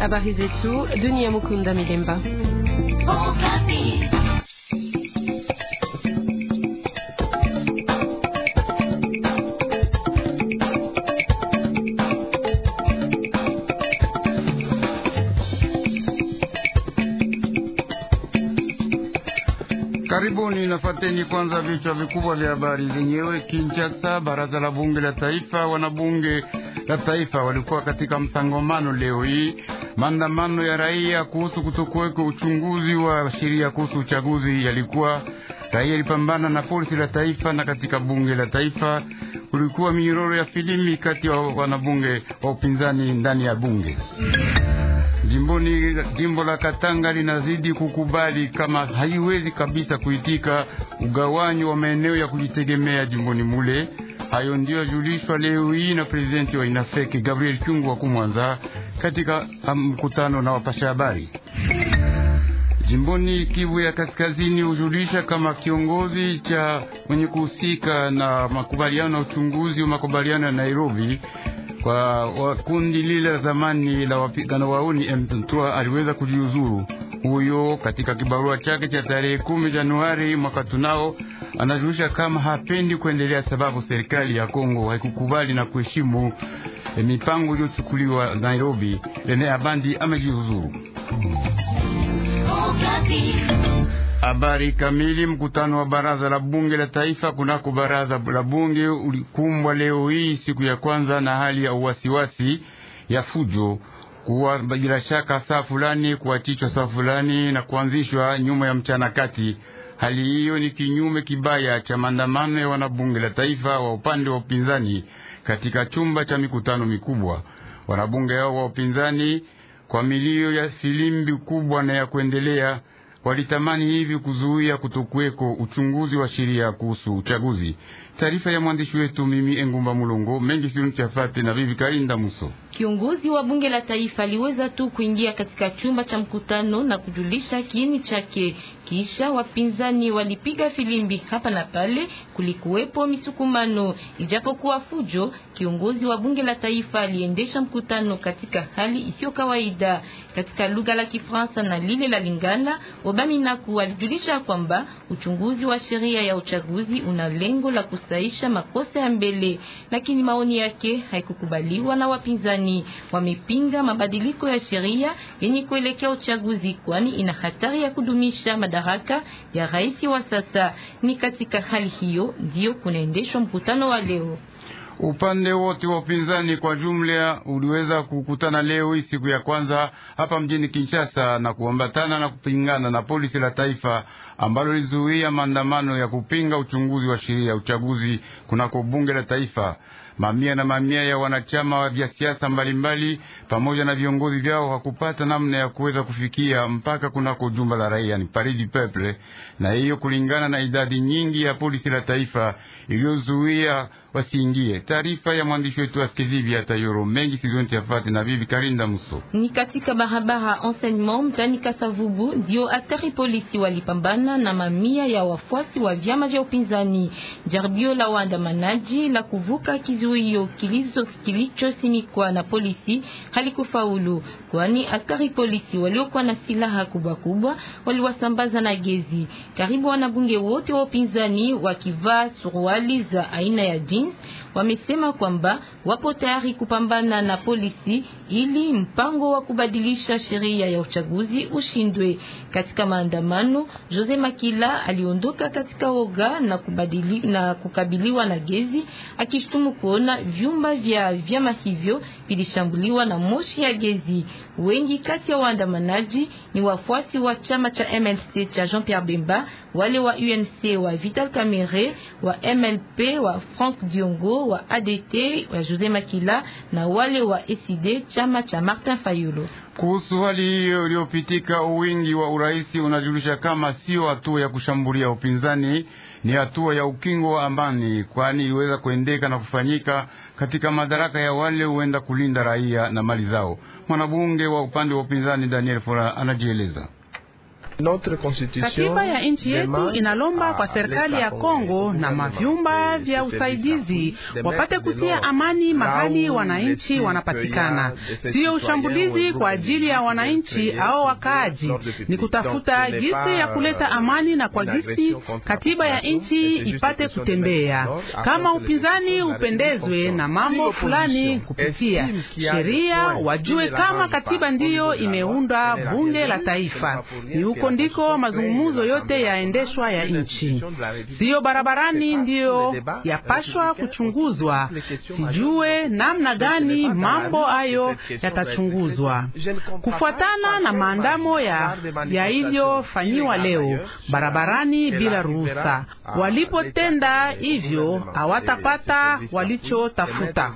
Habari zetu dunia mukunda Milemba. Karibuni nafateni kwanza vichwa vikubwa vya habari zenyewe. Kinshasa, baraza la bunge la taifa, wanabunge la taifa walikuwa katika msangomano leo hii, maandamano ya raia kuhusu kutokuweko uchunguzi wa sheria kuhusu uchaguzi yalikuwa raia ilipambana na polisi la taifa, na katika bunge la taifa kulikuwa minyororo ya filimi kati ya wanabunge wa upinzani ndani ya bunge. Jimboni, jimbo la Katanga linazidi kukubali kama haiwezi kabisa kuitika ugawanyo wa maeneo ya kujitegemea jimboni mule. Hayo ndio yajulishwa leo hii na presidenti wa Inafeki Gabriel Kyungu wa Kumwanza katika um, mkutano na wapasha habari jimboni Kivu ya Kaskazini. Hujulisha kama kiongozi cha mwenye kuhusika na makubaliano na uchunguzi wa makubaliano ya Nairobi kwa kundi lile la zamani la wapigano wauni M3 aliweza kujiuzuru huyo katika kibarua chake cha tarehe kumi Januari mwaka tunao anajulisha kama hapendi kuendelea, sababu serikali ya Kongo haikukubali na kuheshimu e, mipango iliyochukuliwa Nairobi. Rene Abandi amejiuzuru. Habari kamili. Mkutano wa baraza la bunge la taifa kunako baraza la bunge ulikumbwa leo hii siku ya kwanza na hali ya uwasiwasi ya fujo kuwa bila shaka saa fulani kuachishwa saa fulani na kuanzishwa nyuma ya mchana kati. Hali hiyo ni kinyume kibaya cha maandamano ya wanabunge la taifa wa upande wa upinzani katika chumba cha mikutano mikubwa. Wanabunge hao wa upinzani kwa milio ya filimbi kubwa na ya kuendelea walitamani hivi kuzuia kutokuweko uchunguzi wa sheria kuhusu uchaguzi. Taarifa ya mwandishi wetu mimi Engumba Mulongo mengi siunichafate na bibi Karinda Muso. Kiongozi wa bunge la taifa aliweza tu kuingia katika chumba cha mkutano na kujulisha kiini chake. Kisha wapinzani walipiga filimbi hapa na pale, kulikuwepo misukumano. Ijapokuwa fujo, kiongozi wa bunge la taifa aliendesha mkutano katika hali isiyo kawaida. Katika lugha la Kifaransa na lile la Lingala, Obaminaku alijulisha kwamba uchunguzi wa sheria ya uchaguzi una lengo la kusaisha makosa ya mbele, lakini maoni yake haikukubaliwa na wapinzani upinzani. Wamepinga mabadiliko ya sheria yenye kuelekea uchaguzi, kwani ina hatari ya kudumisha madaraka ya rais wa sasa. Ni katika hali hiyo ndiyo kunaendeshwa mkutano wa leo. Upande wote wa upinzani kwa jumla uliweza kukutana leo hii siku ya kwanza hapa mjini Kinshasa na kuambatana na kupingana na polisi la taifa ambalo lizuia maandamano ya kupinga uchunguzi wa sheria ya uchaguzi kunako bunge la taifa. Mamia na mamia ya wanachama vya siasa mbalimbali pamoja na viongozi vyao hakupata namna ya kuweza kufikia mpaka kunako jumba la raia ni Paris du Peuple, na hiyo kulingana na idadi nyingi ya polisi la taifa iliyozuia wasiingie. Taarifa ya mwandishi wetu Askizivi ya Tayoro mengi sizonti yafate na bibi Karinda Muso. Ni katika barabara enseignement mtani Kasavubu ndio askari polisi walipambana na mamia ya wafuasi wa vyama vya upinzani. Jaribio la waandamanaji la kuvuka kizuio kilizo kilichosimikwa na polisi halikufaulu, kwani askari polisi waliokuwa na silaha kubwa kubwa waliwasambaza na gezi. Karibu wanabunge wote wa upinzani wakivaa suruali za aina ya jini. Kusini wamesema kwamba wapo tayari kupambana na polisi ili mpango wa kubadilisha sheria ya uchaguzi ushindwe. Katika maandamano, Jose Makila aliondoka katika oga na kubadili, na kukabiliwa na gezi akishtumu kuona vyumba vya vyama hivyo vilishambuliwa na moshi ya gezi. Wengi kati ya waandamanaji ni wafuasi wa chama cha MLC cha Jean-Pierre Bemba, wale wa UNC wa Vital Kamerhe, wa MLP wa Frank Diongo wa ADT wa Jose Makila na wale wa ECD chama cha Martin Fayulu. Kuhusu hali hiyo iliyopitika, uwingi wa uraisi unajulisha kama sio hatua ya kushambulia upinzani, ni hatua ya ukingo wa amani, kwani iliweza kuendeka na kufanyika katika madaraka ya wale huenda kulinda raia na mali zao. Mwanabunge wa upande wa upinzani Daniel Fora anajieleza. Katiba ya nchi yetu inalomba kwa serikali ya Kongo na mavyumba vya usaidizi wapate kutia amani mahali wananchi wanapatikana, sio ushambulizi kwa ajili ya wananchi au wakaaji, ni kutafuta gisi ya kuleta euh, amani na kwa gisi katiba ya nchi ipate kutembea, kama upinzani upendezwe na mambo fulani kupitia sheria, wajue kama katiba ndiyo imeunda bunge la taifa ni huko ndiko mazungumzo yote yaendeshwa ya nchi, siyo barabarani, ndiyo yapashwa kuchunguzwa. Sijue namna gani mambo hayo yatachunguzwa kufuatana na maandamo ya yaliyofanyiwa leo barabarani bila ruhusa. Walipotenda hivyo, hawatapata walichotafuta.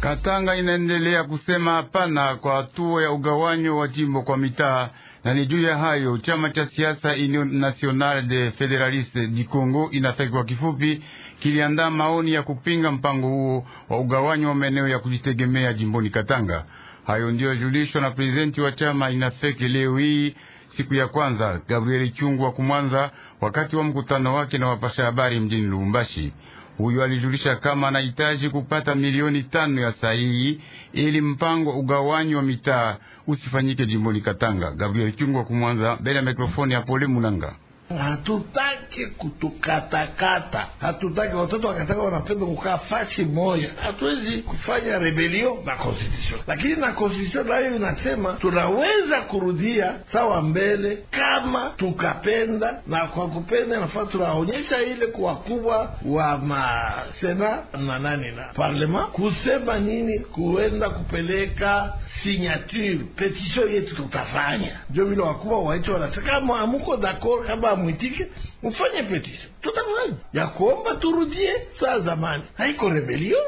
Katanga inaendelea kusema hapana kwa hatua ya ugawanyo wa jimbo kwa mitaa, na ni juu ya hayo chama cha siasa Union Nationale de Federaliste du Congo inafeki kwa kifupi, kiliandaa maoni ya kupinga mpango huo wa ugawanyo wa maeneo ya kujitegemea jimboni Katanga. Hayo ndiyo yajulishwa na prezidenti wa chama inafeki leo hii siku ya kwanza Gabriel wa Kumwanza wakati wa mkutano wake na wapasha habari mjini Lubumbashi. Huyo alijulisha kama anahitaji kupata milioni tano ya sahihi ili mpango ugawanyi wa mitaa usifanyike jimboni Katanga. Gabriel Chungwa kumwanza mbele ya mikrofoni ya Pole Munanga. Hatutaki kutukatakata, hatutaki watoto wakataka wanapenda kukaa fasi moja. Hatuwezi kufanya rebelio na konstitution, lakini na konstitution nayo inasema tunaweza kurudia sawa mbele kama tukapenda, na kwa kupenda nafaa tunaonyesha ile kwa wakubwa wa masena na nani na parlema kusema nini, kuenda kupeleka signature petition yetu tutafanya. Ndio vile wakubwa waitu wanasema kama amuko d'accord kama mwitike mufanye petition, tutafanya ya kuomba turudie saa zamani. Haiko rebelio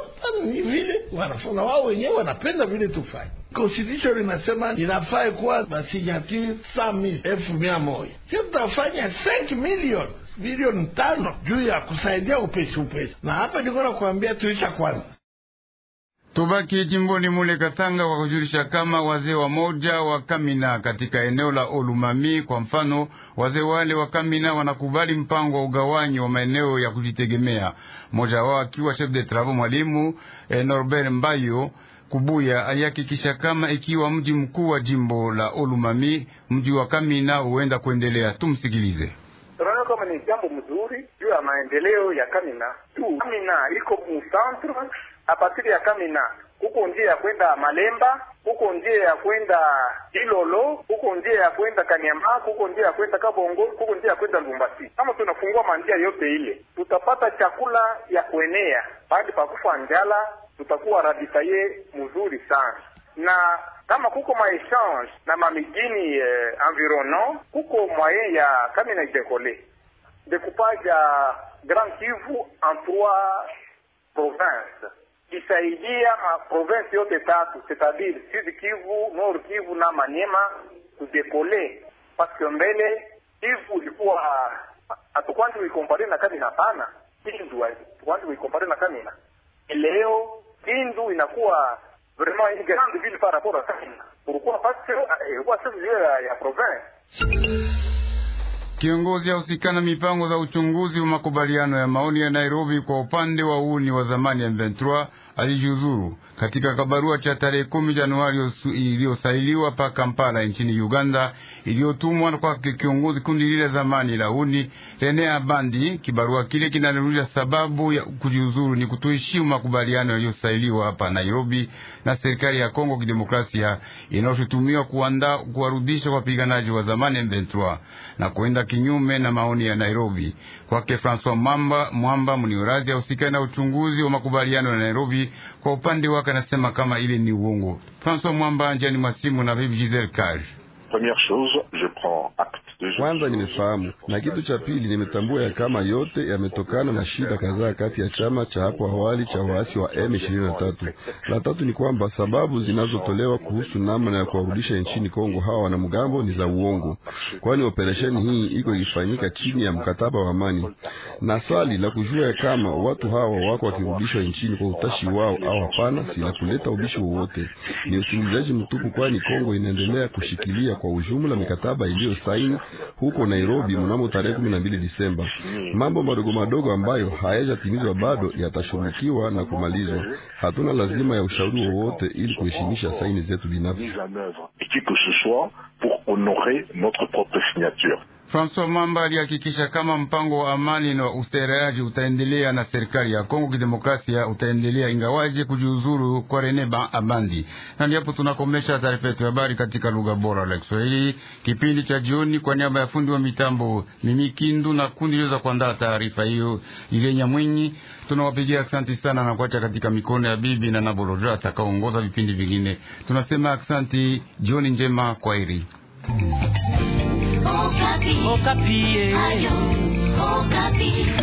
ni vile wanafuna wao wenyewe wanapenda vile tufanye. Constitution inasema inafaa kuwa masignature saa elfu mia moja tutafanya 5 million milioni tano juu ya kusaidia upesi upesi, na hapa niko kuambia tuisha kwanza Tubaki jimboni mule Katanga kwa kujulisha kama wazee wa moja wa Kamina katika eneo la Olumami. Kwa mfano, wazee wale wa Kamina wanakubali mpango wa ugawanyi wa maeneo ya kujitegemea, mmoja wao akiwa chef de travaux mwalimu eh, Norbert Mbayo Kubuya alihakikisha kama ikiwa mji mkuu wa jimbo la Olumami, mji wa Kamina huenda kuendelea. Tumsikilize. Tunaona kama ni jambo mzuri juu ya maendeleo ya Kamina tu. Kamina iko mu centre apasiri ya Kamina kuko njia ya kwenda Malemba, kuko njia ya kwenda Ilolo, kuko njia ya kwenda Kanyama, kuko njia ya kwenda Kabongo, kuko njia ya kwenda Lumbasi. Kama tunafungua manjia yote ile, tutapata chakula ya kuenea pa kufa njala, tutakuwa raditaye mzuri sana na kama kuko maechange na mamigini eh, environno kuko mwaye ya Kamina idekole de ya Grand Kivu en trois provinces kisaidia maprovensi yote tatu setadiri Sud Kivu, Nord Kivu na Manyema kudekole paske mbele Kivu ilikuwa hatukwandi uikompare na Kamina pana Kindu hatukwandi uikompare na na Leo Kindu inakuwa vraiment une grande ville par rapport à Kamina, pourquoi parce que ilikuwa sehemu ya province Kiongozi ahusika mipango za uchunguzi wa makubaliano ya maoni ya Nairobi kwa upande wa uni wa zamani M23 alijiuzuru katika kabarua cha tarehe kumi Januari iliyosailiwa pa Kampala nchini Uganda, iliyotumwa kwa kiongozi kundi lile zamani la uni Rene Abandi. Kibarua kile kinarudia sababu ya kujiuzuru ni kutoheshimu makubaliano yaliyosailiwa hapa Nairobi na serikali ya Kongo Kidemokrasia inayoshutumiwa kuandaa kuwarudisha wapiganaji wa zamani M23 na kuenda kinyume na maoni ya Nairobi. Kwake Francois Mwamba Mwamba mniorazi ahusikani na uchunguzi wa makubaliano ya Nairobi kwa upande wake anasema kama ile ni uongo. François Mwamba, njani mwasimu na bibi Giselle Kaj. Première chose, je prends acte kwanza nimefahamu, na kitu cha pili nimetambua ya kama yote yametokana na shida kadhaa kati ya chama cha hapo awali cha waasi wa M23. La tatu ni kwamba sababu zinazotolewa kuhusu namna ya kuwarudisha nchini Kongo hawa wanamgambo ni za uongo, kwani operesheni hii iko ikifanyika chini ya mkataba wa amani, na swali la kujua ya kama watu hawa wako wakirudishwa nchini kwa utashi wao au hapana, si la kuleta ubishi wowote, ni usingizaji mtupu, kwani Kongo inaendelea kushikilia kwa ujumla mikataba iliyo saini huko Nairobi mnamo tarehe kumi na mbili Disemba. Mambo madogo madogo ambayo hayajatimizwa bado yatashughulikiwa na kumalizwa. Hatuna lazima ya ushauri wowote ili kuheshimisha saini zetu binafsi. Francois Mamba alihakikisha kama mpango wa amani na ustaarabu utaendelea na serikali ya Kongo Kidemokrasia utaendelea ingawaje kujiuzuru kwa Rene Abandi. Na ndipo tunakomesha taarifa yetu habari katika lugha bora la Kiswahili kipindi cha jioni. Kwa niaba ya fundi wa mitambo mimi Kindu na kundi liweza kuandaa taarifa hiyo Ilenya Mwinyi, tunawapigia aksanti sana na kuacha katika mikono ya bibi na Naboloja atakaoongoza vipindi vingine. Tunasema aksanti, jioni njema, kwaheri. Okapi. Okapi.